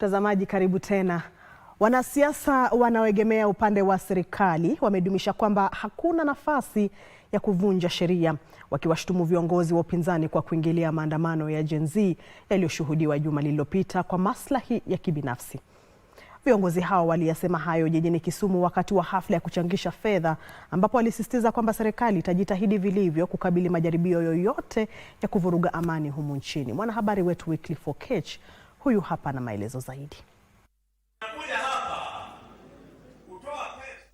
Mtazamaji karibu tena. Wanasiasa wanaoegemea upande wa serikali wamedumisha kwamba hakuna nafasi ya kuvunja sheria, wakiwashutumu viongozi wa upinzani kwa kuingilia maandamano ya Gen Z yaliyoshuhudiwa juma lililopita kwa maslahi ya kibinafsi. Viongozi hao waliyasema hayo jijini Kisumu wakati wa hafla ya kuchangisha fedha, ambapo walisisitiza kwamba serikali itajitahidi vilivyo kukabili majaribio yoyote ya kuvuruga amani humu nchini. Mwanahabari wetu Wycliffe Okech Huyu hapa na maelezo zaidi.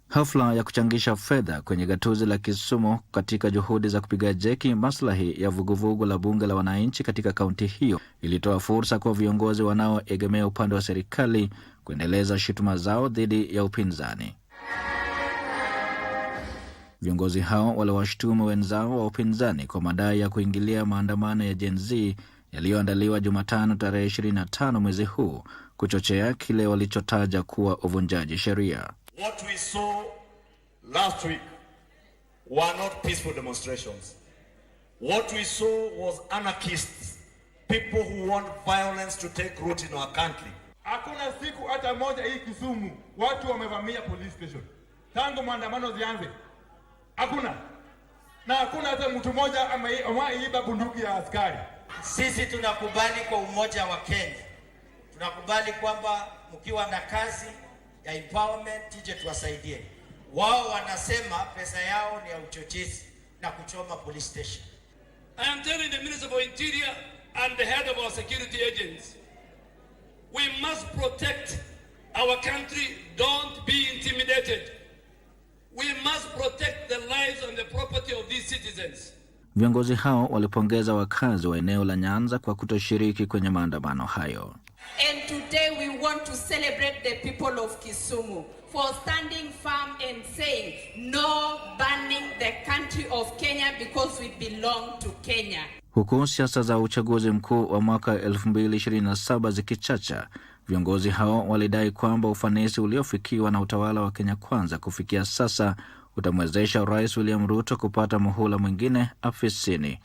Hafla ya kuchangisha fedha kwenye gatuzi la Kisumu katika juhudi za kupiga jeki maslahi ya vuguvugu la bunge la wananchi katika kaunti hiyo ilitoa fursa kwa viongozi wanaoegemea upande wa serikali kuendeleza shutuma zao dhidi ya upinzani. Viongozi hao waliwashutumu wenzao wa upinzani kwa madai ya kuingilia maandamano ya Gen Z yaliyoandaliwa Jumatano tarehe 25 mwezi huu kuchochea kile walichotaja kuwa uvunjaji sheria. What we saw last week were not peaceful demonstrations. What we saw was anarchists, people who want violence to take root in our country. Hakuna siku hata moja hii Kisumu watu wamevamia police station tangu maandamano zianze, hakuna na hakuna hata mtu mmoja ameiba bunduki ya askari. Sisi tunakubali kwa umoja wa Kenya, tunakubali kwamba mkiwa na kazi ya empowerment tije tuwasaidie. Wao wanasema pesa yao ni ya uchochezi na kuchoma police station. I am telling the Minister of Interior and the head of our security agents, we must protect our country. Don't Viongozi hao walipongeza wakazi wa eneo la Nyanza kwa kutoshiriki kwenye maandamano hayo. And today we want to celebrate the people of Kisumu for standing firm and saying no the country of Kenya because we belong to Kenya. Huku siasa za uchaguzi mkuu wa mwaka 2027 zikichacha, viongozi hao walidai kwamba ufanisi uliofikiwa na utawala wa Kenya Kwanza kufikia sasa utamwezesha Rais William Ruto kupata muhula mwingine afisini.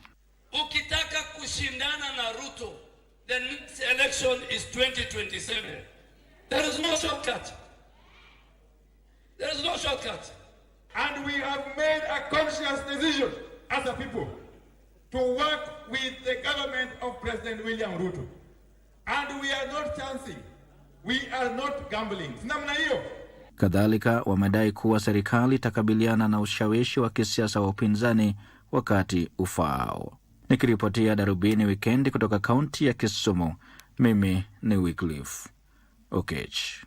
Ukitaka kushindana na Ruto, the next election is 2027. There is no shortcut. There is no shortcut. And we have made a conscious decision as a people to work with the government of President William Ruto. And we are not chancing. We are not gambling. Namna hiyo Kadhalika wamedai kuwa serikali itakabiliana na ushawishi wa kisiasa wa upinzani wakati ufaao. Nikiripotia Darubini Wikendi kutoka kaunti ya Kisumu, mimi ni Wycliffe Okech.